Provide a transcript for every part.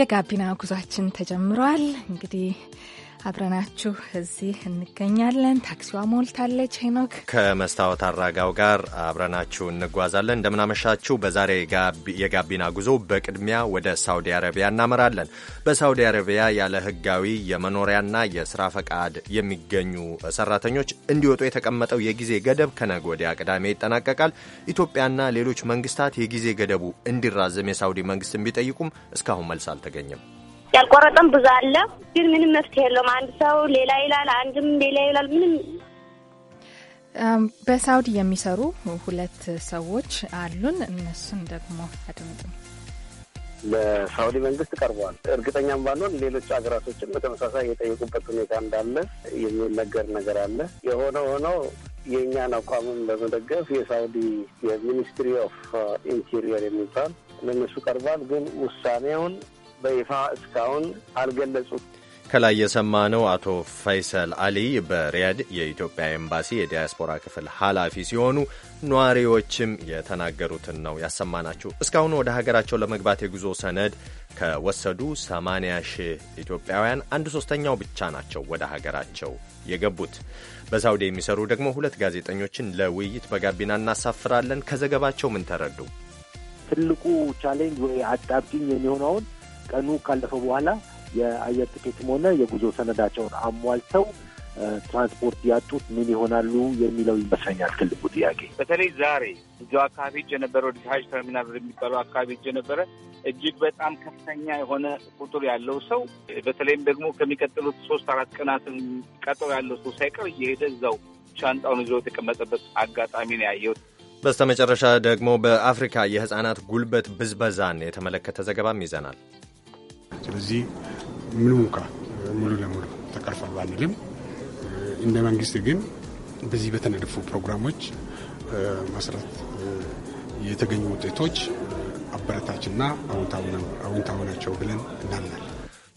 የጋቢና ጉዟችን ተጀምሯል። እንግዲህ አብረናችሁ እዚህ እንገኛለን። ታክሲዋ ሞልታለች። ሄኖክ ከመስታወት አራጋው ጋር አብረናችሁ እንጓዛለን። እንደምናመሻችሁ። በዛሬ የጋቢና ጉዞ በቅድሚያ ወደ ሳውዲ አረቢያ እናመራለን። በሳውዲ አረቢያ ያለ ህጋዊ የመኖሪያና የስራ ፈቃድ የሚገኙ ሰራተኞች እንዲወጡ የተቀመጠው የጊዜ ገደብ ከነገ ወዲያ ቅዳሜ ይጠናቀቃል። ኢትዮጵያና ሌሎች መንግስታት የጊዜ ገደቡ እንዲራዘም የሳውዲ መንግስት ቢጠይቁም እስካሁን መልስ አልተገኘም። ያልቆረጠም ብዙ አለ፣ ግን ምንም መፍትሄ የለውም። አንድ ሰው ሌላ ይላል፣ አንድም ሌላ ይላል። ምንም በሳውዲ የሚሰሩ ሁለት ሰዎች አሉን። እነሱን ደግሞ አድምጥም ለሳውዲ መንግስት ቀርበዋል። እርግጠኛም ባንሆን ሌሎች ሀገራቶችም በተመሳሳይ የጠየቁበት ሁኔታ እንዳለ የሚነገር ነገር አለ። የሆነ ሆኖ የእኛን አቋምም በመደገፍ የሳውዲ የሚኒስትሪ ኦፍ ኢንቴሪየር የሚባል ለእነሱ ቀርቧል። ግን ውሳኔውን በይፋ እስካሁን አልገለጹም። ከላይ የሰማነው አቶ ፈይሰል አሊ በሪያድ የኢትዮጵያ ኤምባሲ የዲያስፖራ ክፍል ኃላፊ ሲሆኑ ነዋሪዎችም የተናገሩትን ነው ያሰማናችሁ። እስካሁን ወደ ሀገራቸው ለመግባት የጉዞ ሰነድ ከወሰዱ 80 ሺህ ኢትዮጵያውያን አንድ ሶስተኛው ብቻ ናቸው ወደ ሀገራቸው የገቡት። በሳውዲ የሚሰሩ ደግሞ ሁለት ጋዜጠኞችን ለውይይት በጋቢና እናሳፍራለን። ከዘገባቸው ምን ተረዱ? ትልቁ ቻሌንጅ ወይ አጣብቂኝ የሚሆነውን ቀኑ ካለፈው በኋላ የአየር ትኬትም ሆነ የጉዞ ሰነዳቸውን አሟልተው ትራንስፖርት ያጡት ምን ይሆናሉ የሚለው ይመስለኛል ትልቁ ጥያቄ። በተለይ ዛሬ እዚው አካባቢ ሄጄ ነበረ፣ ወደ ሀጅ ተርሚናል የሚባለው አካባቢ ሄጄ ነበረ። እጅግ በጣም ከፍተኛ የሆነ ቁጥር ያለው ሰው በተለይም ደግሞ ከሚቀጥሉት ሶስት አራት ቀናትን ቀጠሮ ያለው ሰው ሳይቀር እየሄደ እዛው ሻንጣውን ይዞ የተቀመጠበት አጋጣሚ ነው ያየሁት። በስተመጨረሻ ደግሞ በአፍሪካ የህጻናት ጉልበት ብዝበዛን የተመለከተ ዘገባም ይዘናል። ስለዚህ ምንም እንኳ ሙሉ ለሙሉ ተቀርፏል ባንልም እንደ መንግስት ግን በዚህ በተነደፉ ፕሮግራሞች መሰረት የተገኙ ውጤቶች አበረታችና አዎንታዊ ናቸው ብለን እናምናል።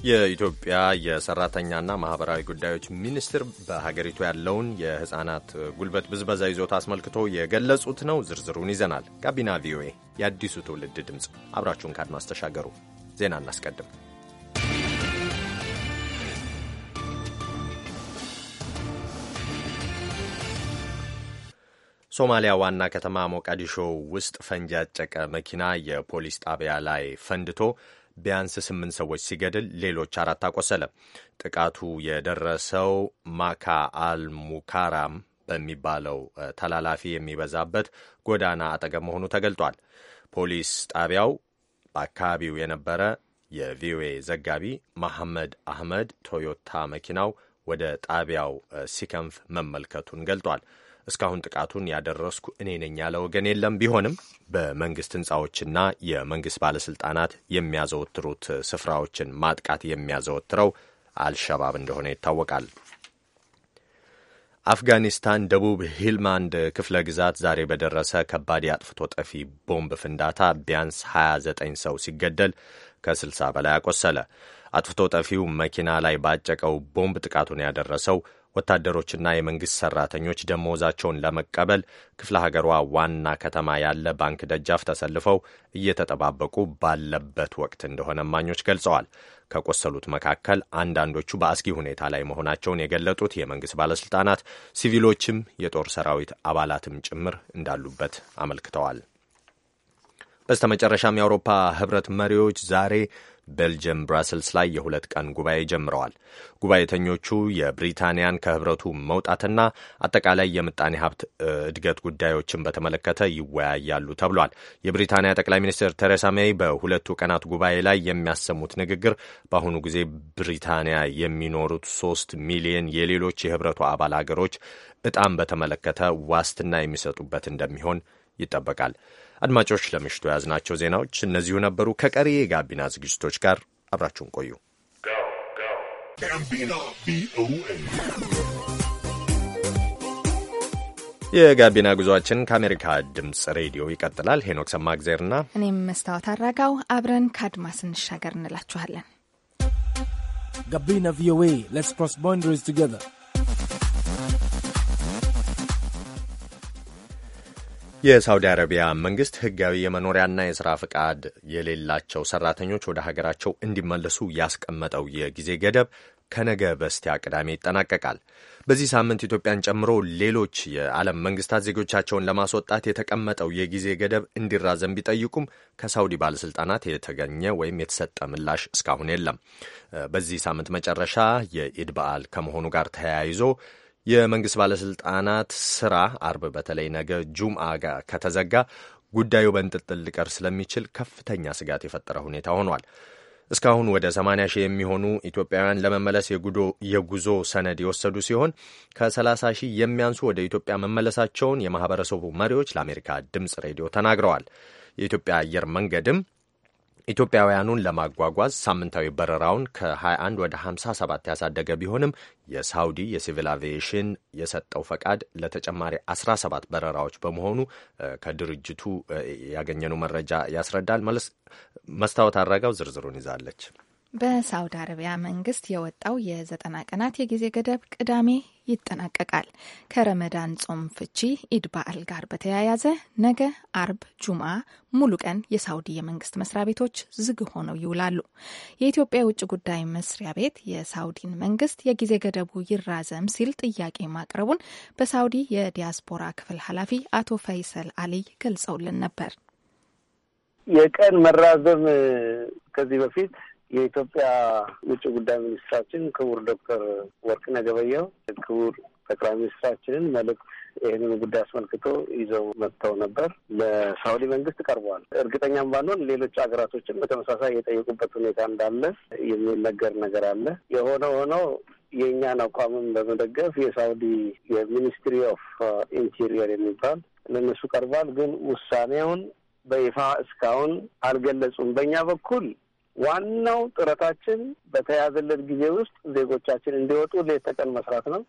የኢትዮጵያ የሰራተኛና ማህበራዊ ጉዳዮች ሚኒስትር በሀገሪቱ ያለውን የህጻናት ጉልበት ብዝበዛ ይዞታ አስመልክቶ የገለጹት ነው። ዝርዝሩን ይዘናል። ጋቢና ቪኦኤ፣ የአዲሱ ትውልድ ድምፅ። አብራችሁን ካድማስ ተሻገሩ። ዜና እናስቀድም። ሶማሊያ ዋና ከተማ ሞቃዲሾ ውስጥ ፈንጂ ያጨቀ መኪና የፖሊስ ጣቢያ ላይ ፈንድቶ ቢያንስ ስምንት ሰዎች ሲገድል ሌሎች አራት አቆሰለ። ጥቃቱ የደረሰው ማካ አልሙካራም በሚባለው ተላላፊ የሚበዛበት ጎዳና አጠገብ መሆኑ ተገልጧል። ፖሊስ ጣቢያው በአካባቢው የነበረ የቪኦኤ ዘጋቢ መሐመድ አህመድ ቶዮታ መኪናው ወደ ጣቢያው ሲከንፍ መመልከቱን ገልጧል። እስካሁን ጥቃቱን ያደረስኩ እኔ ነኝ ያለ ወገን የለም። ቢሆንም በመንግስት ህንፃዎችና የመንግስት ባለስልጣናት የሚያዘወትሩት ስፍራዎችን ማጥቃት የሚያዘወትረው አልሸባብ እንደሆነ ይታወቃል። አፍጋኒስታን ደቡብ ሂልማንድ ክፍለ ግዛት ዛሬ በደረሰ ከባድ የአጥፍቶ ጠፊ ቦምብ ፍንዳታ ቢያንስ 29 ሰው ሲገደል ከ60 በላይ አቆሰለ። አጥፍቶ ጠፊው መኪና ላይ ባጨቀው ቦምብ ጥቃቱን ያደረሰው ወታደሮችና የመንግሥት ሠራተኞች ደሞዛቸውን ለመቀበል ክፍለ ሀገሯ ዋና ከተማ ያለ ባንክ ደጃፍ ተሰልፈው እየተጠባበቁ ባለበት ወቅት እንደሆነ እማኞች ገልጸዋል። ከቆሰሉት መካከል አንዳንዶቹ በአስጊ ሁኔታ ላይ መሆናቸውን የገለጡት የመንግሥት ባለሥልጣናት ሲቪሎችም የጦር ሰራዊት አባላትም ጭምር እንዳሉበት አመልክተዋል። መጨረሻም የአውሮፓ ህብረት መሪዎች ዛሬ ቤልጅየም ብራስልስ ላይ የሁለት ቀን ጉባኤ ጀምረዋል። ጉባኤተኞቹ የብሪታንያን ከህብረቱ መውጣትና አጠቃላይ የምጣኔ ሀብት እድገት ጉዳዮችን በተመለከተ ይወያያሉ ተብሏል። የብሪታንያ ጠቅላይ ሚኒስትር ቴሬሳ ሜይ በሁለቱ ቀናት ጉባኤ ላይ የሚያሰሙት ንግግር በአሁኑ ጊዜ ብሪታንያ የሚኖሩት ሶስት ሚሊየን የሌሎች የህብረቱ አባል አገሮች እጣም በተመለከተ ዋስትና የሚሰጡበት እንደሚሆን ይጠበቃል። አድማጮች፣ ለምሽቱ የያዝናቸው ዜናዎች እነዚሁ ነበሩ። ከቀሪ የጋቢና ዝግጅቶች ጋር አብራችሁን ቆዩ። የጋቢና ጉዞአችን ከአሜሪካ ድምፅ ሬዲዮ ይቀጥላል። ሄኖክ ሰማእግዜርና እኔም መስታወት አራጋው አብረን ከአድማስ እንሻገር እንላችኋለን። ጋቢና ቪኦኤ ሌትስ ክሮስ ባውንደሪስ ቱጌዘር የሳውዲ አረቢያ መንግስት ህጋዊ የመኖሪያና የስራ ፈቃድ የሌላቸው ሰራተኞች ወደ ሀገራቸው እንዲመለሱ ያስቀመጠው የጊዜ ገደብ ከነገ በስቲያ ቅዳሜ ይጠናቀቃል። በዚህ ሳምንት ኢትዮጵያን ጨምሮ ሌሎች የዓለም መንግስታት ዜጎቻቸውን ለማስወጣት የተቀመጠው የጊዜ ገደብ እንዲራዘም ቢጠይቁም ከሳውዲ ባለስልጣናት የተገኘ ወይም የተሰጠ ምላሽ እስካሁን የለም። በዚህ ሳምንት መጨረሻ የኢድ በዓል ከመሆኑ ጋር ተያይዞ የመንግሥት ባለሥልጣናት ሥራ አርብ በተለይ ነገ ጁምአ ጋር ከተዘጋ ጉዳዩ በእንጥልጥል ሊቀር ስለሚችል ከፍተኛ ስጋት የፈጠረ ሁኔታ ሆኗል። እስካሁን ወደ 80 ሺህ የሚሆኑ ኢትዮጵያውያን ለመመለስ የጉዞ ሰነድ የወሰዱ ሲሆን ከ30 ሺህ የሚያንሱ ወደ ኢትዮጵያ መመለሳቸውን የማኅበረሰቡ መሪዎች ለአሜሪካ ድምፅ ሬዲዮ ተናግረዋል። የኢትዮጵያ አየር መንገድም ኢትዮጵያውያኑን ለማጓጓዝ ሳምንታዊ በረራውን ከ21 ወደ 57 ያሳደገ ቢሆንም የሳውዲ የሲቪል አቪዬሽን የሰጠው ፈቃድ ለተጨማሪ 17 በረራዎች በመሆኑ ከድርጅቱ ያገኘነው መረጃ ያስረዳል። መስታወት አድረጋው ዝርዝሩን ይዛለች። በሳውዲ አረቢያ መንግስት የወጣው የዘጠና ቀናት የጊዜ ገደብ ቅዳሜ ይጠናቀቃል። ከረመዳን ጾም ፍቺ ኢድ በዓል ጋር በተያያዘ ነገ አርብ ጁምአ ሙሉ ቀን የሳውዲ የመንግስት መስሪያ ቤቶች ዝግ ሆነው ይውላሉ። የኢትዮጵያ የውጭ ጉዳይ መስሪያ ቤት የሳውዲን መንግስት የጊዜ ገደቡ ይራዘም ሲል ጥያቄ ማቅረቡን በሳውዲ የዲያስፖራ ክፍል ኃላፊ አቶ ፈይሰል አሊይ ገልጸውልን ነበር። የቀን መራዘም ከዚህ በፊት የኢትዮጵያ ውጭ ጉዳይ ሚኒስትራችን ክቡር ዶክተር ወርቅነህ ገበየሁ ክቡር ጠቅላይ ሚኒስትራችንን መልእክት ይህንን ጉዳይ አስመልክቶ ይዘው መጥተው ነበር። ለሳውዲ መንግስት ቀርቧል። እርግጠኛም ባንሆን ሌሎች ሀገራቶችን በተመሳሳይ የጠየቁበት ሁኔታ እንዳለ የሚነገር ነገር አለ። የሆነ ሆኖ የእኛን አቋምም በመደገፍ የሳውዲ የሚኒስትሪ ኦፍ ኢንቴሪየር የሚባል ለእነሱ ቀርቧል። ግን ውሳኔውን በይፋ እስካሁን አልገለጹም። በእኛ በኩል ዋናው ጥረታችን በተያዘለት ጊዜ ውስጥ ዜጎቻችን እንዲወጡ ሌት ተቀን መስራት ነው።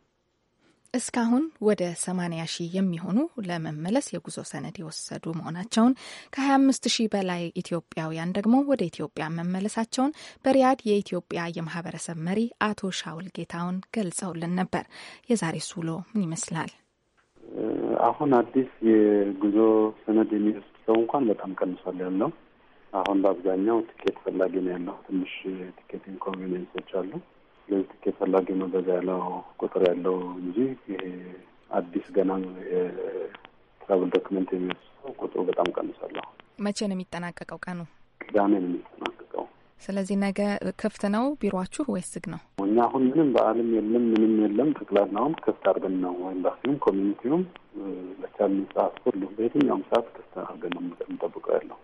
እስካሁን ወደ 80 ሺህ የሚሆኑ ለመመለስ የጉዞ ሰነድ የወሰዱ መሆናቸውን ከ25 ሺህ በላይ ኢትዮጵያውያን ደግሞ ወደ ኢትዮጵያ መመለሳቸውን በሪያድ የኢትዮጵያ የማህበረሰብ መሪ አቶ ሻውል ጌታውን ገልጸውልን ነበር። የዛሬ ሱሎ ምን ይመስላል? አሁን አዲስ የጉዞ ሰነድ የሚወስድ ሰው እንኳን በጣም ቀንሷል ያለው አሁን በአብዛኛው ትኬት ፈላጊ ነው ያለው። ትንሽ ቲኬት ኢንኮንቬኒንሶች አሉ። ስለዚህ ትኬት ፈላጊ ነው በዛ ያለው ቁጥር ያለው እንጂ ይሄ አዲስ ገና ትራቭል ዶክመንት የሚወስደው ቁጥሩ በጣም ቀንሳለሁ። መቼ ነው የሚጠናቀቀው? ቀኑ ቅዳሜ ነው የሚጠናቀቀው። ስለዚህ ነገ ክፍት ነው ቢሮችሁ ወይስ ዝግ ነው? እኛ አሁን ምንም በዓልም የለም ምንም የለም። ጠቅላላውን ክፍት አድርገን ነው ኤምባሲውም ኮሚኒቲውም ለቻልን ሰዓት ሁሉ በየትኛውም ሰዓት ክፍት አድርገን ነው የምንጠብቀው ያለው።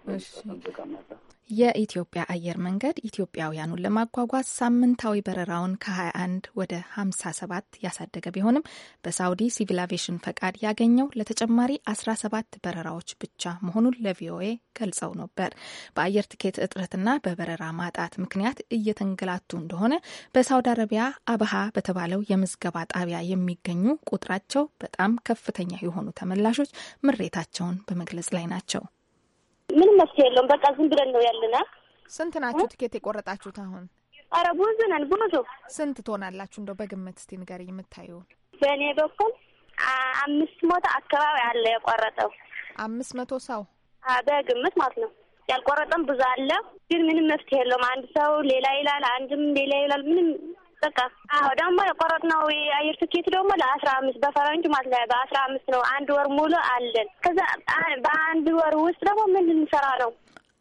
የኢትዮጵያ አየር መንገድ ኢትዮጵያውያኑን ለማጓጓዝ ሳምንታዊ በረራውን ከ21 ወደ 57 ያሳደገ ቢሆንም በሳውዲ ሲቪል አቪሽን ፈቃድ ያገኘው ለተጨማሪ 17 በረራዎች ብቻ መሆኑን ለቪኦኤ ገልጸው ነበር። በአየር ትኬት እጥረትና በበረራ ማጣት ምክንያት እየተንገላቱ እንደሆነ በሳውዲ አረቢያ አብሃ በተባለው የምዝገባ ጣቢያ የሚገኙ ቁጥራቸው በጣም ከፍተኛ የሆኑ ተመላሾች ምሬታቸውን በመግለጽ ላይ ናቸው። ምንም መፍትሄ የለውም። በቃ ዝም ብለን ነው ያለና። ስንት ናችሁ ትኬት የቆረጣችሁት አሁን? አረ ብዙ ነን ብዙ። ስንት ትሆናላችሁ እንደው በግምት እስቲ ንገሪኝ የምታዩ። በእኔ በኩል አምስት መቶ አካባቢ አለ የቆረጠው። አምስት መቶ ሰው በግምት ማለት ነው። ያልቆረጠም ብዙ አለ፣ ግን ምንም መፍትሄ የለውም። አንድ ሰው ሌላ ይላል፣ አንድም ሌላ ይላል። ምንም በቃ አዎ። ደግሞ የቆረጥነው የአየር ትኬት ደግሞ ለአስራ አምስት በፈረንጅ ማለት ላይ በአስራ አምስት ነው። አንድ ወር ሙሉ አለን። ከዛ በአንድ ወር ውስጥ ደግሞ ምን ልንሰራ ነው?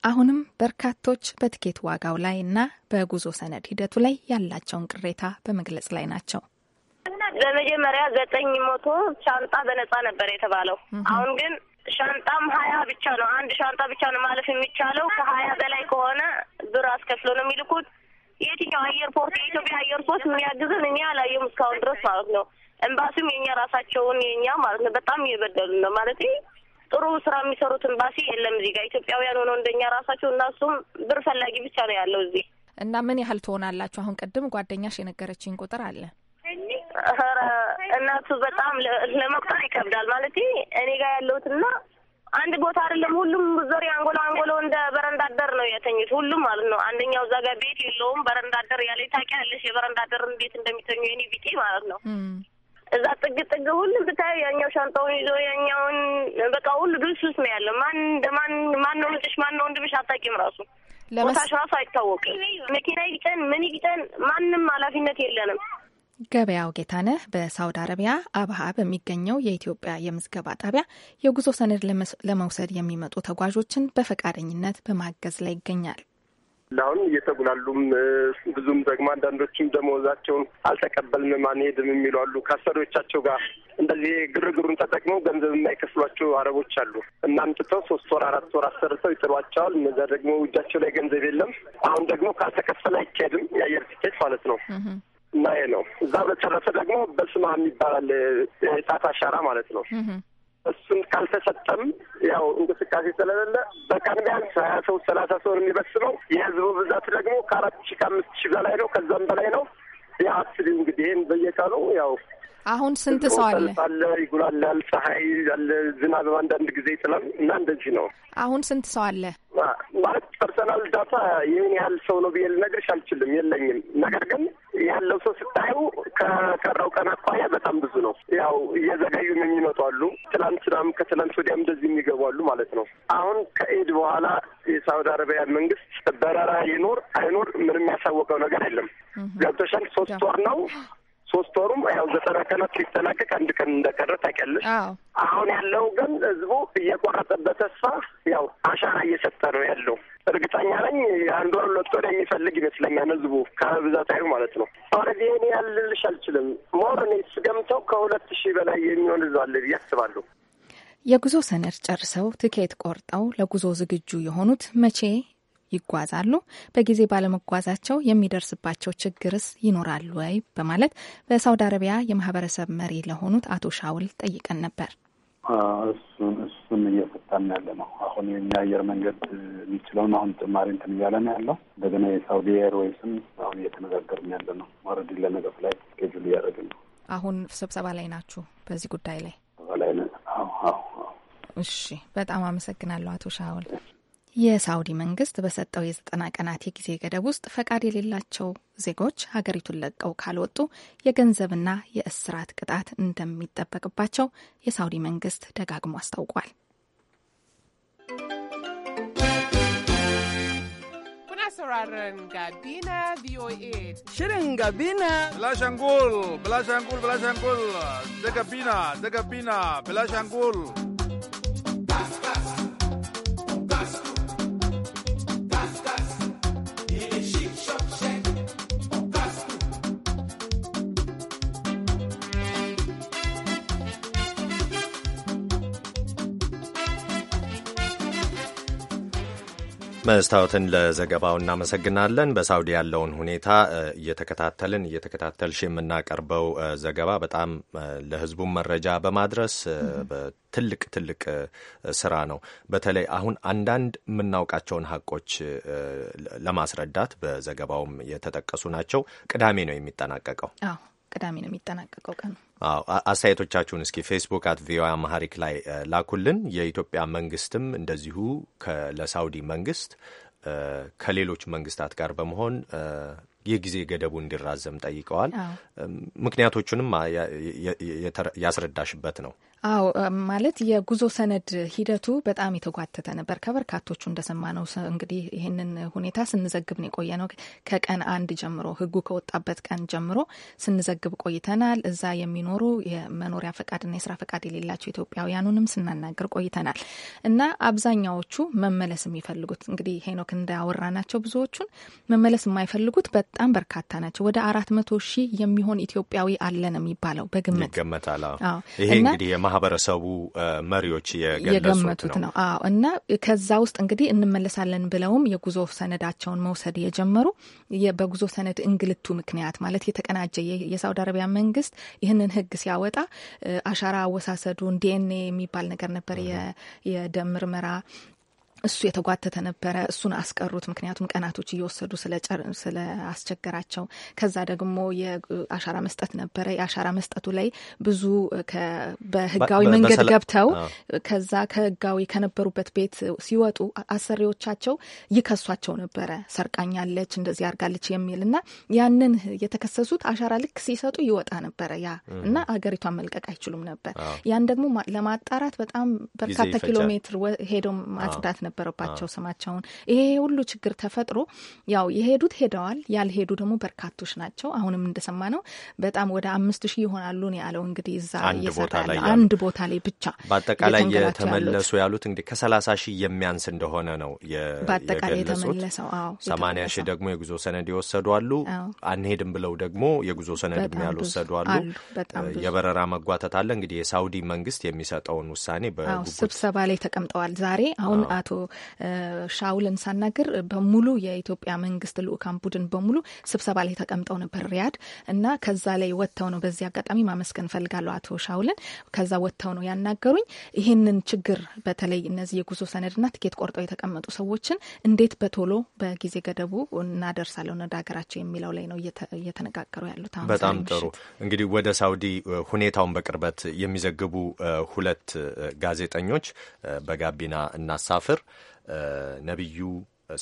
አሁንም በርካቶች በትኬት ዋጋው ላይ እና በጉዞ ሰነድ ሂደቱ ላይ ያላቸውን ቅሬታ በመግለጽ ላይ ናቸው። በመጀመሪያ ዘጠኝ መቶ ሻንጣ በነጻ ነበር የተባለው። አሁን ግን ሻንጣም ሀያ ብቻ ነው። አንድ ሻንጣ ብቻ ነው ማለፍ የሚቻለው። ከሀያ በላይ ከሆነ ብር አስከፍሎ ነው የሚልኩት። የትኛው አየር ፖርት የኢትዮጵያ አየር ፖርት የሚያግዝን እኔ አላየሁም እስካሁን ድረስ ማለት ነው። ኤምባሲውም የኛ ራሳቸውን የኛ ማለት ነው በጣም እየበደሉ ነው ማለት ጥሩ ስራ የሚሰሩት ኤምባሲ የለም እዚህ ጋር ኢትዮጵያውያን ሆነው እንደኛ ራሳቸው እናሱም ብር ፈላጊ ብቻ ነው ያለው እዚህ እና ምን ያህል ትሆናላችሁ? አሁን ቅድም ጓደኛሽ የነገረችኝ ቁጥር አለ እናቱ በጣም ለመቁጠር ይከብዳል ማለት እኔ ጋር ያለሁትና አንድ ቦታ አይደለም። ሁሉም ዞሪ አንጎሎ አንጎሎ እንደ በረንዳደር ነው የተኙት። ሁሉም ማለት ነው። አንደኛው እዛ ጋር ቤት የለውም በረንዳደር ያለ ታውቂያለሽ፣ የበረንዳደርን ቤት እንደሚተኙ የኔ ቢጤ ማለት ነው። እዛ ጥግ ጥግ ሁሉም ብታየው ያኛው ሻንጣውን ይዞ ያኛውን በቃ ሁሉ ድርስ ውስጥ ነው ያለው። ማን እንደ ማን ማን ነው ልጅሽ ማን ነው ወንድምሽ አታውቂም። ራሱ ቦታሽ ራሱ አይታወቅም። መኪና ይግጨን ምን ይግጨን ማንም ኃላፊነት የለንም። ገበያው ጌታነህ በሳውዲ አረቢያ አብሃ በሚገኘው የኢትዮጵያ የምዝገባ ጣቢያ የጉዞ ሰነድ ለመውሰድ የሚመጡ ተጓዦችን በፈቃደኝነት በማገዝ ላይ ይገኛል። ሁን እየተጉላሉም ብዙም ደግሞ አንዳንዶችም ደመወዛቸውን አልተቀበልንም አንሄድም የሚሉ አሉ። ከአሰሪዎቻቸው ጋር እንደዚህ ግርግሩን ተጠቅመው ገንዘብ የማይከፍሏቸው አረቦች አሉ እናም ጥተው ሶስት ወር አራት ወር አሰርተው ይጥሏቸዋል። እነዛ ደግሞ እጃቸው ላይ ገንዘብ የለም። አሁን ደግሞ ካልተከፈለ አይካሄድም የአየር ትኬት ማለት ነው ማየ ነው። እዛ በተረፈ ደግሞ በስማ የሚባላል የጣት አሻራ ማለት ነው። እሱን ካልተሰጠም ያው እንቅስቃሴ ስለሌለ በቀን ቢያንስ ሀያ ሰው ሰላሳ ሰው የሚበስመው የህዝቡ ብዛት ደግሞ ከአራት ሺ ከአምስት ሺ በላይ ነው፣ ከዛም በላይ ነው። የአስቢ እንግዲህ ይህን በየቀኑ ያው አሁን ስንት ሰው አለ አለ ይጉላላል። ፀሐይ አለ፣ ዝናብ አንዳንድ ጊዜ ይጥላል እና እንደዚህ ነው። አሁን ስንት ሰው አለ ማለት ፐርሰናል ዳታ ይህን ያህል ሰው ነው ብዬ ልነግርሽ አልችልም፣ የለኝም። ነገር ግን ያለው ሰው ስታዩ ከቀረው ቀን አኳያ በጣም ብዙ ነው። ያው እየዘገዩ ነው የሚመጡ አሉ። ትናንትናም ከትላንት ወዲያም እንደዚህ የሚገቡ አሉ ማለት ነው። አሁን ከኢድ በኋላ የሳውዲ አረቢያ መንግስት በረራ ይኖር አይኖር ምንም ያሳወቀው ነገር የለም። ገብተሻል። ሶስት ወር ነው። ሶስት ወሩም ያው ዘጠና ቀናት ሊጠናቀቅ አንድ ቀን እንደቀረ ታውቂያለሽ። አሁን ያለው ግን ህዝቡ እየቆረጠ በተስፋ ያው አሻራ እየሰጠ ነው ያለው። እርግጠኛ ነኝ አንድ ወር ሁለት ወር የሚፈልግ ይመስለኛል ህዝቡ ከብዛታዊ ማለት ነው። ኦልሬዲ እኔ ያልልሽ አልችልም። ሞር እኔ ስገምተው ከሁለት ሺህ በላይ የሚሆን ህዝብ አለ ብዬ አስባለሁ። የጉዞ ሰነድ ጨርሰው ትኬት ቆርጠው ለጉዞ ዝግጁ የሆኑት መቼ ይጓዛሉ? በጊዜ ባለመጓዛቸው የሚደርስባቸው ችግርስ ይኖራሉ ወይ? በማለት በሳውዲ አረቢያ የማህበረሰብ መሪ ለሆኑት አቶ ሻውል ጠይቀን ነበር። እሱን እሱን እየፈታን ያለ ነው። አሁን የኛ አየር መንገድ የሚችለውን አሁን ጭማሪ እንትን እያለ ነው ያለው። እንደገና የሳውዲ ኤርዌይስም አሁን እየተነጋገርን ያለ ነው። ማረድ ለነገ ፍላይት ስኬጁል እያደረግን ነው። አሁን ስብሰባ ላይ ናችሁ በዚህ ጉዳይ ላይ? ላይ እሺ፣ በጣም አመሰግናለሁ አቶ ሻውል። የሳውዲ መንግስት በሰጠው የዘጠና ቀናት የጊዜ ገደብ ውስጥ ፈቃድ የሌላቸው ዜጎች ሀገሪቱን ለቀው ካልወጡ የገንዘብና የእስራት ቅጣት እንደሚጠበቅባቸው የሳውዲ መንግስት ደጋግሞ አስታውቋል። sauraron Gabina VOA. Shirin Gabina. Bilashangul, Bilashangul, Bilashangul. መስታወትን ለዘገባው እናመሰግናለን። በሳውዲ ያለውን ሁኔታ እየተከታተልን እየተከታተልሽ የምናቀርበው ዘገባ በጣም ለሕዝቡም መረጃ በማድረስ ትልቅ ትልቅ ስራ ነው። በተለይ አሁን አንዳንድ የምናውቃቸውን ሀቆች ለማስረዳት በዘገባውም የተጠቀሱ ናቸው። ቅዳሜ ነው የሚጠናቀቀው። አዎ ቅዳሜ ነው የሚጠናቀቀው ቀኑ አስተያየቶቻችሁን እስኪ ፌስቡክ አት ቪኦኤ አማሃሪክ ላይ ላኩልን። የኢትዮጵያ መንግስትም እንደዚሁ ለሳውዲ መንግስት ከሌሎች መንግስታት ጋር በመሆን የጊዜ ገደቡ እንዲራዘም ጠይቀዋል። ምክንያቶቹንም ያስረዳሽበት ነው። አዎ ማለት የጉዞ ሰነድ ሂደቱ በጣም የተጓተተ ነበር። ከበርካቶቹ እንደሰማነው እንግዲህ ይህንን ሁኔታ ስንዘግብ ነው የቆየ ነው። ከቀን አንድ ጀምሮ ህጉ ከወጣበት ቀን ጀምሮ ስንዘግብ ቆይተናል። እዛ የሚኖሩ የመኖሪያ ፈቃድና የስራ ፈቃድ የሌላቸው ኢትዮጵያውያኑንም ስናናገር ቆይተናል እና አብዛኛዎቹ መመለስ የሚፈልጉት እንግዲህ ሄኖክ እንዳወራ ናቸው ብዙዎቹን መመለስ የማይፈልጉት በጣም በርካታ ናቸው። ወደ አራት መቶ ሺህ የሚሆን ኢትዮጵያዊ አለ ነው የሚባለው በግምት ይገመታል። ይሄ እንግዲህ የማህበረሰቡ መሪዎች የገመቱት ነው። አዎ እና ከዛ ውስጥ እንግዲህ እንመለሳለን ብለውም የጉዞ ሰነዳቸውን መውሰድ የጀመሩ በጉዞ ሰነድ እንግልቱ ምክንያት ማለት የተቀናጀ የሳውዲ አረቢያ መንግስት ይህንን ህግ ሲያወጣ አሻራ አወሳሰዱን ዲኤንኤ የሚባል ነገር ነበር የደም ምርመራ እሱ የተጓተተ ነበረ። እሱን አስቀሩት። ምክንያቱም ቀናቶች እየወሰዱ ስለአስቸገራቸው ከዛ ደግሞ የአሻራ መስጠት ነበረ። የአሻራ መስጠቱ ላይ ብዙ በህጋዊ መንገድ ገብተው ከዛ ከህጋዊ ከነበሩበት ቤት ሲወጡ አሰሪዎቻቸው ይከሷቸው ነበረ። ሰርቃኛለች፣ እንደዚህ አርጋለች የሚል እና ያንን የተከሰሱት አሻራ ልክ ሲሰጡ ይወጣ ነበረ ያ እና አገሪቷን መልቀቅ አይችሉም ነበር። ያን ደግሞ ለማጣራት በጣም በርካታ ኪሎ ሜትር ሄደው ማጽዳት ነበረባቸው ስማቸውን። ይሄ ሁሉ ችግር ተፈጥሮ ያው የሄዱት ሄደዋል፣ ያልሄዱ ደግሞ በርካቶች ናቸው። አሁንም እንደሰማ ነው በጣም ወደ አምስት ሺህ ይሆናሉ ነው ያለው። እንግዲህ እዛ አንድ ቦታ ላይ ብቻ በአጠቃላይ የተመለሱ ያሉት እንግዲህ ከሰላሳ ሺህ የሚያንስ እንደሆነ ነው የገለጹት። ሰማንያ ሺህ ደግሞ የጉዞ ሰነድ የወሰዱ አሉ፣ አንሄድም ብለው ደግሞ የጉዞ ሰነድ ያልወሰዱ አሉ። የበረራ መጓተት አለ። እንግዲህ የሳውዲ መንግስት የሚሰጠውን ውሳኔ በስብሰባ ላይ ተቀምጠዋል ዛሬ። አሁን አቶ ሻውልን ሳናግር በሙሉ የኢትዮጵያ መንግስት ልኡካን ቡድን በሙሉ ስብሰባ ላይ ተቀምጠው ነበር ሪያድ እና ከዛ ላይ ወጥተው ነው በዚህ አጋጣሚ ማመስገን ፈልጋለሁ አቶ ሻውልን ከዛ ወጥተው ነው ያናገሩኝ። ይህንን ችግር በተለይ እነዚህ የጉዞ ሰነድና ትኬት ቆርጠው የተቀመጡ ሰዎችን እንዴት በቶሎ በጊዜ ገደቡ እናደርሳለን ወደ ሀገራቸው የሚለው ላይ ነው እየተነጋገሩ ያሉት። በጣም ጥሩ እንግዲህ ወደ ሳውዲ ሁኔታውን በቅርበት የሚዘግቡ ሁለት ጋዜጠኞች በጋቢና እናሳፍር ነቢዩ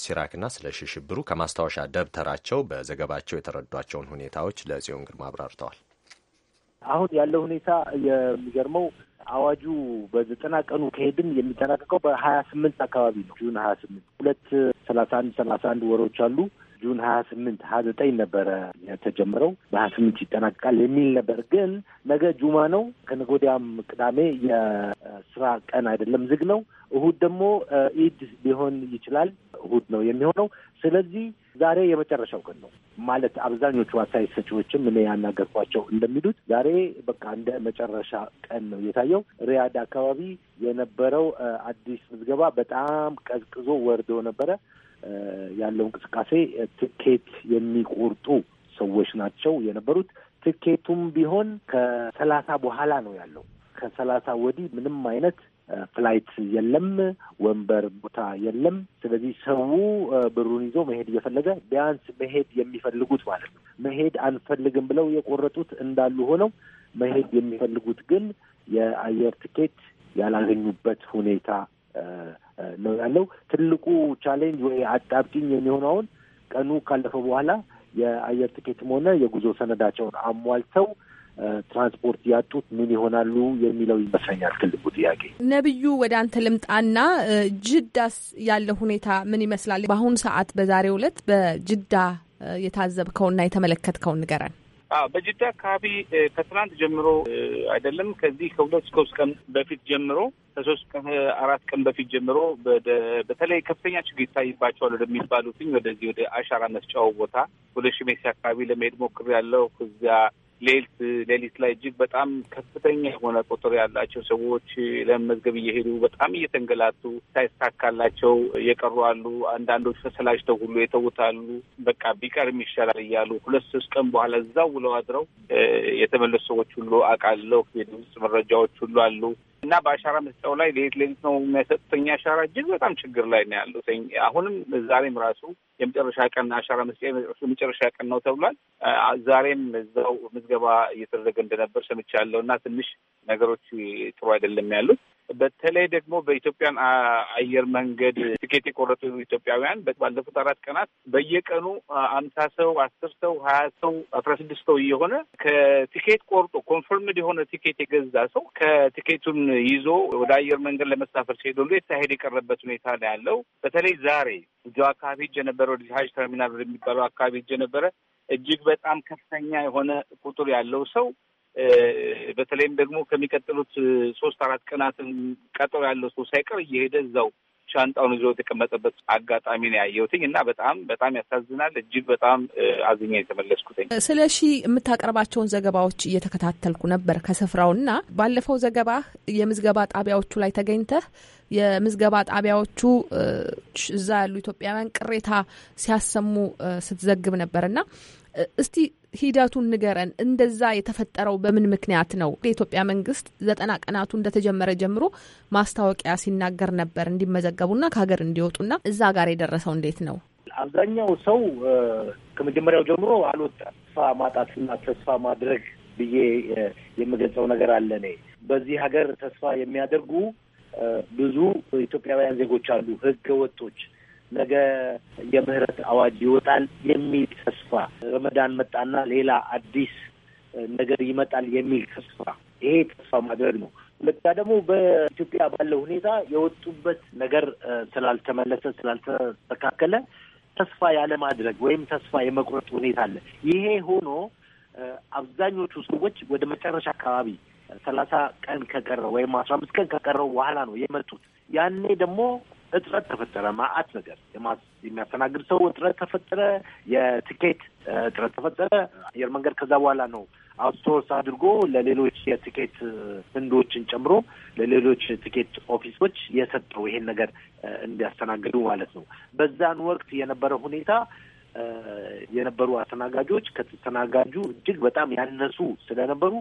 ሲራክና ስለ ሽሽብሩ ከማስታወሻ ደብተራቸው በዘገባቸው የተረዷቸውን ሁኔታዎች ለጽዮን ግርማ አብራርተዋል። አሁን ያለው ሁኔታ የሚገርመው አዋጁ በዘጠና ቀኑ ከሄድን የሚጠናቀቀው በሀያ ስምንት አካባቢ ነው። ጁን ሀያ ስምንት ሁለት ሰላሳ አንድ ሰላሳ አንድ ወሮች አሉ። ጁን ሀያ ስምንት ሀያ ዘጠኝ ነበረ የተጀመረው በሀያ ስምንት ይጠናቀቃል የሚል ነበር። ግን ነገ ጁማ ነው። ከነገ ወዲያም ቅዳሜ የስራ ቀን አይደለም፣ ዝግ ነው። እሁድ ደግሞ ኢድ ሊሆን ይችላል። እሁድ ነው የሚሆነው። ስለዚህ ዛሬ የመጨረሻው ቀን ነው ማለት አብዛኞቹ አስተያየት ሰጪዎችም እኔ ያናገርኳቸው እንደሚሉት ዛሬ በቃ እንደ መጨረሻ ቀን ነው የታየው። ሪያድ አካባቢ የነበረው አዲስ ምዝገባ በጣም ቀዝቅዞ ወርዶ ነበረ። ያለው እንቅስቃሴ ትኬት የሚቆርጡ ሰዎች ናቸው የነበሩት። ትኬቱም ቢሆን ከሰላሳ በኋላ ነው ያለው። ከሰላሳ ወዲህ ምንም አይነት ፍላይት የለም፣ ወንበር ቦታ የለም። ስለዚህ ሰው ብሩን ይዞ መሄድ እየፈለገ ቢያንስ መሄድ የሚፈልጉት ማለት ነው መሄድ አንፈልግም ብለው የቆረጡት እንዳሉ ሆነው መሄድ የሚፈልጉት ግን የአየር ትኬት ያላገኙበት ሁኔታ ነው ያለው። ትልቁ ቻሌንጅ ወይ አጣብቂኝ የሚሆነው አሁን ቀኑ ካለፈ በኋላ የአየር ትኬትም ሆነ የጉዞ ሰነዳቸውን አሟልተው ትራንስፖርት ያጡት ምን ይሆናሉ የሚለው ይመስለኛል ትልቁ ጥያቄ። ነብዩ ወደ አንተ ልምጣና ጅዳስ ያለ ሁኔታ ምን ይመስላል? በአሁኑ ሰዓት በዛሬው ዕለት በጅዳ የታዘብከውና የተመለከትከውን ንገረን። በጅዳ አካባቢ ከትናንት ጀምሮ አይደለም ከዚህ ከሁለት ከውስጥ ቀን በፊት ጀምሮ ከሶስት ቀን አራት ቀን በፊት ጀምሮ በተለይ ከፍተኛ ችግር ይታይባቸዋል ወደሚባሉትኝ ወደዚህ ወደ አሻራ መስጫው ቦታ ወደ ሽሜሲ አካባቢ ለመሄድ ያለው እዚያ ሌሊት ሌሊት ላይ እጅግ በጣም ከፍተኛ የሆነ ቁጥር ያላቸው ሰዎች ለመመዝገብ እየሄዱ በጣም እየተንገላቱ ሳይሳካላቸው የቀሩ አሉ። አንዳንዶች ተሰላጅተው ሁሉ የተውታሉ። በቃ ቢቀርም ይሻላል እያሉ ሁለት ሶስት ቀን በኋላ እዛው ውለው አድረው የተመለሱ ሰዎች ሁሉ አውቃለሁ። የድምፅ መረጃዎች ሁሉ አሉ። እና በአሻራ መስጫው ላይ ሌት ሌት ነው የሚያሰጡተኝ አሻራ እጅግ በጣም ችግር ላይ ነው ያለው። አሁንም ዛሬም ራሱ የመጨረሻ ቀን አሻራ መስጫ የመጨረሻ ቀን ነው ተብሏል። ዛሬም እዛው ምዝገባ እየተደረገ እንደነበር ሰምቻለሁ እና ትንሽ ነገሮች ጥሩ አይደለም ያሉት። በተለይ ደግሞ በኢትዮጵያን አየር መንገድ ትኬት የቆረጡ ኢትዮጵያውያን ባለፉት አራት ቀናት በየቀኑ አምሳ ሰው አስር ሰው ሀያ ሰው አስራ ስድስት ሰው እየሆነ ከቲኬት ቆርጦ ኮንፈርምድ የሆነ ቲኬት የገዛ ሰው ከቲኬቱን ይዞ ወደ አየር መንገድ ለመሳፈር ሲሄድ ሁሉ የተካሄድ የቀረበት ሁኔታ ነው ያለው። በተለይ ዛሬ እዚያው አካባቢ ሄጄ ነበረ፣ ወደ ሀጅ ተርሚናል የሚባለው አካባቢ ሄጄ ነበረ። እጅግ በጣም ከፍተኛ የሆነ ቁጥር ያለው ሰው በተለይም ደግሞ ከሚቀጥሉት ሶስት አራት ቀናትን ቀጠሮ ያለው ሰው ሳይቀር እየሄደ እዛው ሻንጣውን ይዞ የተቀመጠበት አጋጣሚ ነው ያየሁትኝ እና በጣም በጣም ያሳዝናል። እጅግ በጣም አዝኛ የተመለስኩትኝ። ስለ ሺ የምታቀርባቸውን ዘገባዎች እየተከታተልኩ ነበር ከስፍራው እና ባለፈው ዘገባ የምዝገባ ጣቢያዎቹ ላይ ተገኝተህ የምዝገባ ጣቢያዎቹ እዛ ያሉ ኢትዮጵያውያን ቅሬታ ሲያሰሙ ስትዘግብ ነበር እና እስቲ ሂደቱን ንገረን። እንደዛ የተፈጠረው በምን ምክንያት ነው? የኢትዮጵያ መንግስት ዘጠና ቀናቱ እንደተጀመረ ጀምሮ ማስታወቂያ ሲናገር ነበር እንዲመዘገቡና ከሀገር እንዲወጡና እዛ ጋር የደረሰው እንዴት ነው? አብዛኛው ሰው ከመጀመሪያው ጀምሮ አልወጣም። ተስፋ ማጣትና ተስፋ ማድረግ ብዬ የምገልጸው ነገር አለ። እኔ በዚህ ሀገር ተስፋ የሚያደርጉ ብዙ ኢትዮጵያውያን ዜጎች አሉ፣ ህገ ወጦች ነገ የምህረት አዋጅ ይወጣል የሚል ተስፋ፣ ረመዳን መጣና ሌላ አዲስ ነገር ይመጣል የሚል ተስፋ፣ ይሄ ተስፋ ማድረግ ነው። ሁለታ ደግሞ በኢትዮጵያ ባለው ሁኔታ የወጡበት ነገር ስላልተመለሰ ስላልተስተካከለ ተስፋ ያለ ማድረግ ወይም ተስፋ የመቁረጥ ሁኔታ አለ። ይሄ ሆኖ አብዛኞቹ ሰዎች ወደ መጨረሻ አካባቢ ሰላሳ ቀን ከቀረው ወይም አስራ አምስት ቀን ከቀረው በኋላ ነው የመጡት። ያኔ ደግሞ እጥረት ተፈጠረ። ማአት ነገር የሚያስተናግድ ሰው እጥረት ተፈጠረ። የትኬት እጥረት ተፈጠረ። አየር መንገድ ከዛ በኋላ ነው አውትሶርስ አድርጎ ለሌሎች የትኬት ህንዶችን ጨምሮ ለሌሎች ትኬት ኦፊሶች የሰጠው ይሄን ነገር እንዲያስተናግዱ ማለት ነው። በዛን ወቅት የነበረ ሁኔታ የነበሩ አስተናጋጆች ከተስተናጋጁ እጅግ በጣም ያነሱ ስለነበሩ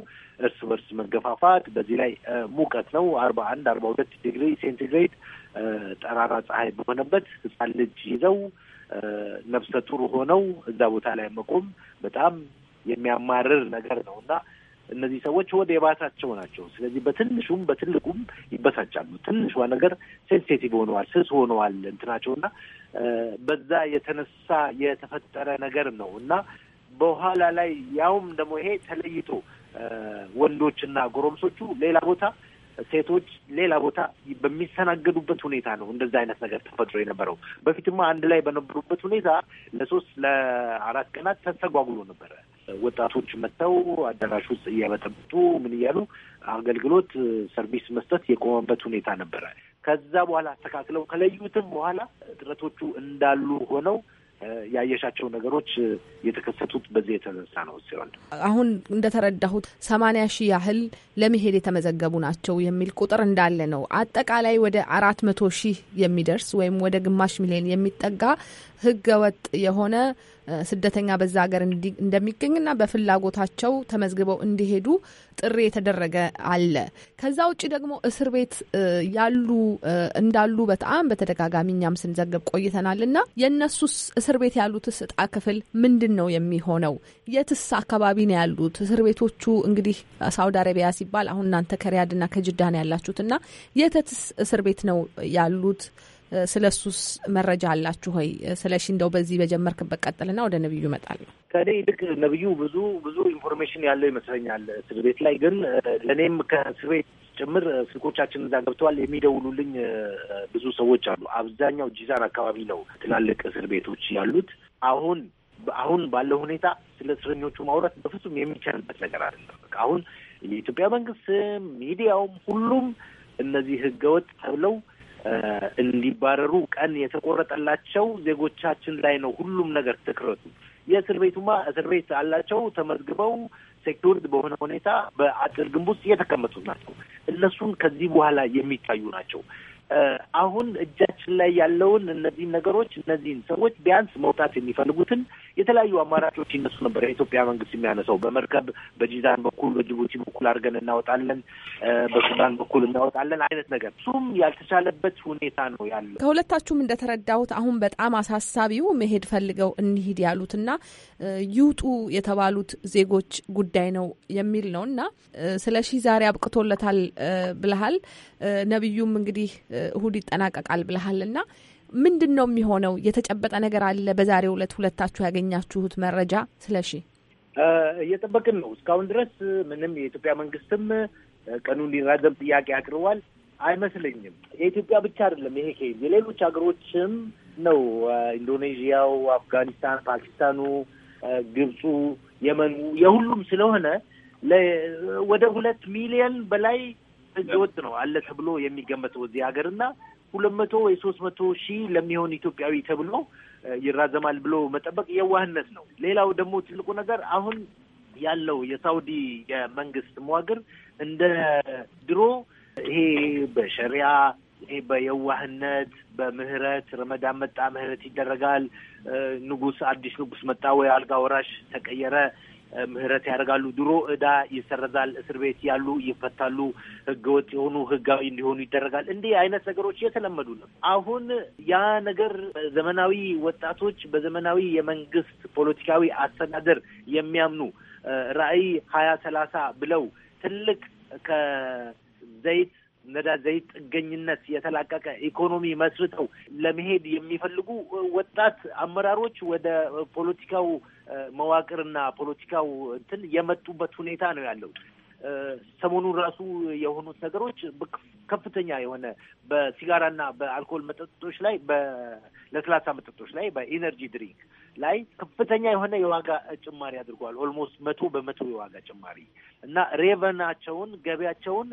እርስ በርስ መገፋፋት፣ በዚህ ላይ ሙቀት ነው አርባ አንድ አርባ ሁለት ዲግሪ ሴንቲግሬድ ጠራራ ፀሐይ በሆነበት ህፃን ልጅ ይዘው ነፍሰ ጡር ሆነው እዛ ቦታ ላይ መቆም በጣም የሚያማርር ነገር ነው እና እነዚህ ሰዎች ወደ የባሳቸው ናቸው። ስለዚህ በትንሹም በትልቁም ይበሳጫሉ። ትንሿ ነገር ሴንሴቲቭ ሆነዋል፣ ስስ ሆነዋል እንትናቸው እና በዛ የተነሳ የተፈጠረ ነገር ነው እና በኋላ ላይ ያውም ደግሞ ይሄ ተለይቶ ወንዶችና ጎረምሶቹ ሌላ ቦታ ሴቶች ሌላ ቦታ በሚስተናገዱበት ሁኔታ ነው እንደዛ አይነት ነገር ተፈጥሮ የነበረው። በፊትማ አንድ ላይ በነበሩበት ሁኔታ ለሶስት ለአራት ቀናት ተስተጓጉሎ ነበረ። ወጣቶች መጥተው አዳራሽ ውስጥ እያበጠበጡ ምን እያሉ አገልግሎት ሰርቪስ መስጠት የቆመበት ሁኔታ ነበረ። ከዛ በኋላ አስተካክለው ከለዩትም በኋላ ጥረቶቹ እንዳሉ ሆነው ያየሻቸው ነገሮች የተከሰቱት በዚህ የተነሳ ነው ሲሆን አሁን እንደተረዳሁት ሰማንያ ሺህ ያህል ለመሄድ የተመዘገቡ ናቸው የሚል ቁጥር እንዳለ ነው። አጠቃላይ ወደ አራት መቶ ሺህ የሚደርስ ወይም ወደ ግማሽ ሚሊዮን የሚጠጋ ህገወጥ የሆነ ስደተኛ በዛ ሀገር እንደሚገኝና በፍላጎታቸው ተመዝግበው እንዲሄዱ ጥሪ የተደረገ አለ። ከዛ ውጭ ደግሞ እስር ቤት ያሉ እንዳሉ በጣም በተደጋጋሚ እኛም ስንዘግብ ቆይተናል እና የእነሱስ እስር ቤት ያሉትስ እጣ ክፍል ምንድን ነው የሚሆነው? የትስ አካባቢ ነው ያሉት? እስር ቤቶቹ እንግዲህ ሳውዲ አረቢያ ሲባል አሁን እናንተ ከሪያድና ከጅዳን ያላችሁት እና የትስ እስር ቤት ነው ያሉት? ስለ እሱስ መረጃ አላችሁ ሆይ? ስለሺ እንደው በዚህ በጀመርክበት ቀጥልና ወደ ነብዩ እመጣለሁ። ከእኔ ይልቅ ነብዩ ብዙ ብዙ ኢንፎርሜሽን ያለው ይመስለኛል እስር ቤት ላይ ግን ለእኔም ከእስር ቤት ጭምር ስልኮቻችን እዛ ገብተዋል። የሚደውሉልኝ ብዙ ሰዎች አሉ። አብዛኛው ጂዛን አካባቢ ነው ትላልቅ እስር ቤቶች ያሉት። አሁን አሁን ባለው ሁኔታ ስለ እስረኞቹ ማውራት በፍጹም የሚቻልበት ነገር አይደለም። አሁን የኢትዮጵያ መንግስትም ሚዲያውም ሁሉም እነዚህ ህገወጥ ተብለው እንዲባረሩ ቀን የተቆረጠላቸው ዜጎቻችን ላይ ነው ሁሉም ነገር ትኩረቱ። የእስር ቤቱማ እስር ቤት አላቸው ተመዝግበው ሴክዩርድ በሆነ ሁኔታ በአጥር ግንብ ውስጥ እየተቀመጡ ናቸው። እነሱን ከዚህ በኋላ የሚታዩ ናቸው። አሁን እጃ በሀገራችን ላይ ያለውን እነዚህን ነገሮች እነዚህን ሰዎች ቢያንስ መውጣት የሚፈልጉትን የተለያዩ አማራጮች ይነሱ ነበር። የኢትዮጵያ መንግስት የሚያነሳው በመርከብ በጂዛን በኩል በጅቡቲ በኩል አድርገን እናወጣለን፣ በሱዳን በኩል እናወጣለን አይነት ነገር እሱም ያልተቻለበት ሁኔታ ነው ያለው። ከሁለታችሁም እንደተረዳሁት አሁን በጣም አሳሳቢው መሄድ ፈልገው እንሂድ ያሉትና ይውጡ የተባሉት ዜጎች ጉዳይ ነው የሚል ነው እና ስለ ሺ ዛሬ አብቅቶለታል ብልሃል። ነቢዩም እንግዲህ እሁድ ይጠናቀቃል ብልሃል እና ምንድን ነው የሚሆነው? የተጨበጠ ነገር አለ? በዛሬው ዕለት ሁለታችሁ ያገኛችሁት መረጃ ስለሺ እየጠበቅን ነው። እስካሁን ድረስ ምንም የኢትዮጵያ መንግስትም ቀኑ እንዲራዘም ጥያቄ አቅርቧል። አይመስለኝም። የኢትዮጵያ ብቻ አይደለም ይሄ ኬዝ የሌሎች ሀገሮችም ነው። ኢንዶኔዥያው፣ አፍጋኒስታን፣ ፓኪስታኑ፣ ግብፁ፣ የመኑ የሁሉም ስለሆነ ወደ ሁለት ሚሊዮን በላይ ህገወጥ ነው አለ ተብሎ የሚገመተው እዚህ ሀገር እና ሁለት መቶ ወይ ሶስት መቶ ሺህ ለሚሆን ኢትዮጵያዊ ተብሎ ይራዘማል ብሎ መጠበቅ የዋህነት ነው። ሌላው ደግሞ ትልቁ ነገር አሁን ያለው የሳውዲ የመንግስት መዋግር እንደ ድሮ ይሄ በሸሪያ ይሄ በየዋህነት በምህረት ረመዳን መጣ ምህረት ይደረጋል። ንጉስ አዲስ ንጉስ መጣ ወይ አልጋ ወራሽ ተቀየረ ምህረት ያደርጋሉ። ድሮ እዳ ይሰረዛል፣ እስር ቤት ያሉ ይፈታሉ፣ ህገወጥ የሆኑ ህጋዊ እንዲሆኑ ይደረጋል። እንዲህ አይነት ነገሮች የተለመዱ ነው። አሁን ያ ነገር ዘመናዊ ወጣቶች በዘመናዊ የመንግስት ፖለቲካዊ አስተዳደር የሚያምኑ ራዕይ ሀያ ሰላሳ ብለው ትልቅ ከዘይት ነዳጅ ዘይት ጥገኝነት የተላቀቀ ኢኮኖሚ መስርተው ለመሄድ የሚፈልጉ ወጣት አመራሮች ወደ ፖለቲካው መዋቅርና ፖለቲካው እንትን የመጡበት ሁኔታ ነው ያለው። ሰሞኑን ራሱ የሆኑት ነገሮች ከፍተኛ የሆነ በሲጋራና በአልኮል መጠጦች ላይ፣ በለስላሳ መጠጦች ላይ፣ በኢነርጂ ድሪንክ ላይ ከፍተኛ የሆነ የዋጋ ጭማሪ አድርጓል። ኦልሞስት መቶ በመቶ የዋጋ ጭማሪ እና ሬቨናቸውን ገቢያቸውን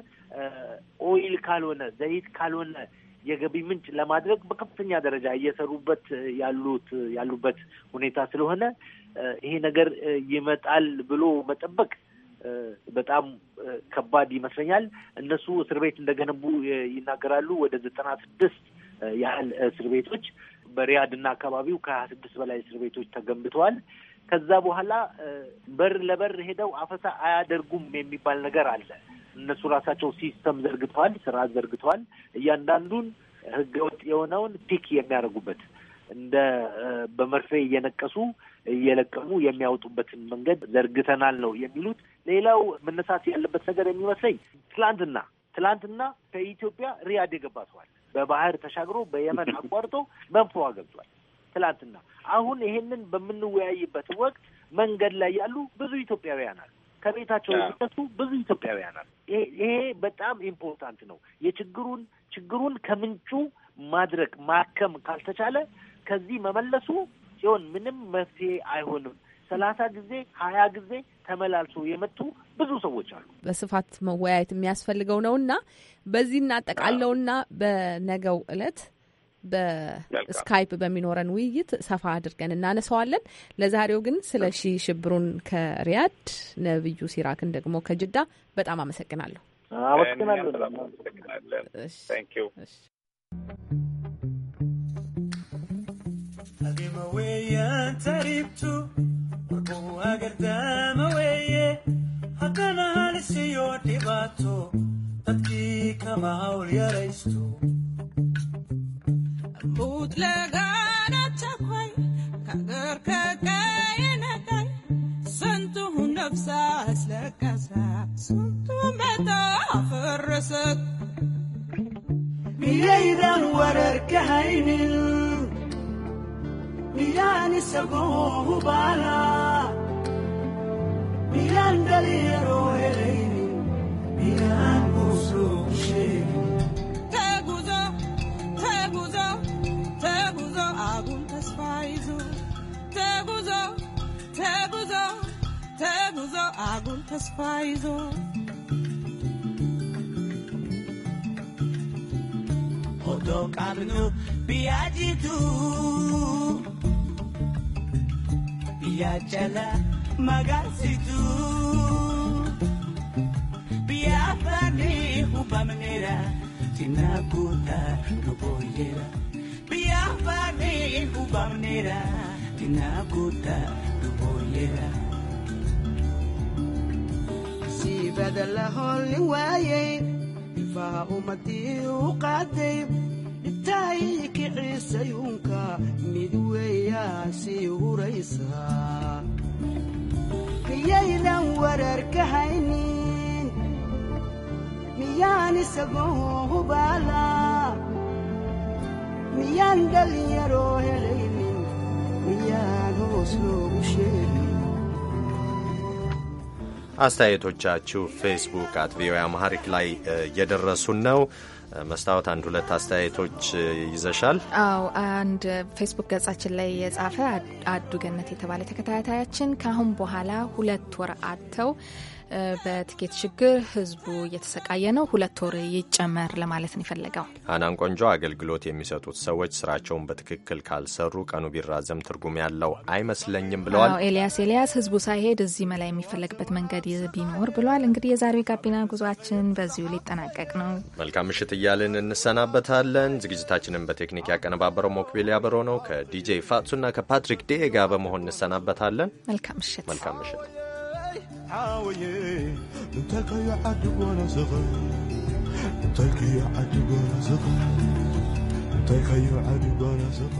ኦይል ካልሆነ ዘይት ካልሆነ የገቢ ምንጭ ለማድረግ በከፍተኛ ደረጃ እየሰሩበት ያሉት ያሉበት ሁኔታ ስለሆነ ይሄ ነገር ይመጣል ብሎ መጠበቅ በጣም ከባድ ይመስለኛል። እነሱ እስር ቤት እንደገነቡ ይናገራሉ። ወደ ዘጠና ስድስት ያህል እስር ቤቶች በሪያድና አካባቢው ከሀያ ስድስት በላይ እስር ቤቶች ተገንብተዋል። ከዛ በኋላ በር ለበር ሄደው አፈሳ አያደርጉም የሚባል ነገር አለ። እነሱ ራሳቸው ሲስተም ዘርግተዋል፣ ስርዓት ዘርግተዋል። እያንዳንዱን ህገወጥ የሆነውን ፒክ የሚያደርጉበት እንደ በመርፌ እየነቀሱ እየለቀሙ የሚያወጡበትን መንገድ ዘርግተናል ነው የሚሉት። ሌላው መነሳት ያለበት ነገር የሚመስለኝ ትላንትና ትላንትና ከኢትዮጵያ ሪያድ የገባ ሰዋል በባህር ተሻግሮ በየመን አቋርጦ መንፍሯ ገብቷል። ትላንትና አሁን ይሄንን በምንወያይበት ወቅት መንገድ ላይ ያሉ ብዙ ኢትዮጵያውያን አሉ። ከቤታቸው የሚነሱ ብዙ ኢትዮጵያውያን አሉ። ይሄ በጣም ኢምፖርታንት ነው። የችግሩን ችግሩን ከምንጩ ማድረግ ማከም ካልተቻለ ከዚህ መመለሱ ሲሆን ምንም መፍትሄ አይሆንም። ሰላሳ ጊዜ ሀያ ጊዜ ተመላልሶ የመጡ ብዙ ሰዎች አሉ። በስፋት መወያየት የሚያስፈልገው ነው እና በዚህ እናጠቃለውና በነገው እለት በስካይፕ በሚኖረን ውይይት ሰፋ አድርገን እናነሳዋለን። ለዛሬው ግን ስለ ሺ ሽብሩን ከሪያድ ነብዩ ሲራክን ደግሞ ከጅዳ በጣም አመሰግናለሁ። አመሰግናለሁ። waa gardaama weeye haddana halisiyo dhibaato dadkii kama hawl yaraysto buud lagana takway kagarka kayanatay santuhu nafsaas lakasa suntumata farsad miyaydan wararka haynin milaan isagoo hubaala milaan dhalii yeroo helaynin milaan kuusuu sheegin teeguzo teeguzo teeguzo aagun tasfaayizu teeguzo teeguzo teeguzo aagun tasfaayizu odoo qabnu biyyaa jituu. biyya jala magaalsitu biyya afaanii hubamneera tina kutaa dubooyeera biyya afaanii hubamneera tina kutaa dubooyeera. si badala hoolli waayee ifaa ummatii u qaatee tahay kiciisayunka weeyaa sii huraysaa warar ka haynin miyaan isagoo hubaalaa miyaan dhalinyaroo helaynin miyaan hoos loogu sheegin አስተያየቶቻችሁ ፌስቡክ አት ቪኦኤ አማሃሪክ ላይ እየደረሱን ነው። መስታወት አንድ ሁለት አስተያየቶች ይዘሻል? አዎ፣ አንድ ፌስቡክ ገጻችን ላይ የጻፈ አዱ ገነት የተባለ ተከታታያችን ከአሁን በኋላ ሁለት ወር አጥተው በትኬት ችግር ህዝቡ እየተሰቃየ ነው። ሁለት ወር ይጨመር ለማለት ነው የፈለገው። አናን ቆንጆ አገልግሎት የሚሰጡት ሰዎች ስራቸውን በትክክል ካልሰሩ ቀኑ ቢራዘም ትርጉም ያለው አይመስለኝም ብለዋል። ኤልያስ ኤልያስ ህዝቡ ሳይሄድ እዚህ መላ የሚፈለግበት መንገድ ቢኖር ብለዋል። እንግዲህ የዛሬው ጋቢና ጉዟችን በዚሁ ሊጠናቀቅ ነው። መልካም ምሽት እያልን እንሰናበታለን። ዝግጅታችንን በቴክኒክ ያቀነባበረው ሞክቢል ያበረው ነው። ከዲጄ ፋጹና ከፓትሪክ ዴጋ በመሆን እንሰናበታለን። መልካም ምሽት። መልካም ምሽት። عاوية نتاكا يا عدو وانا صغير نتاكا يا عدو وانا صغير نتاكا يا عدو وانا صغير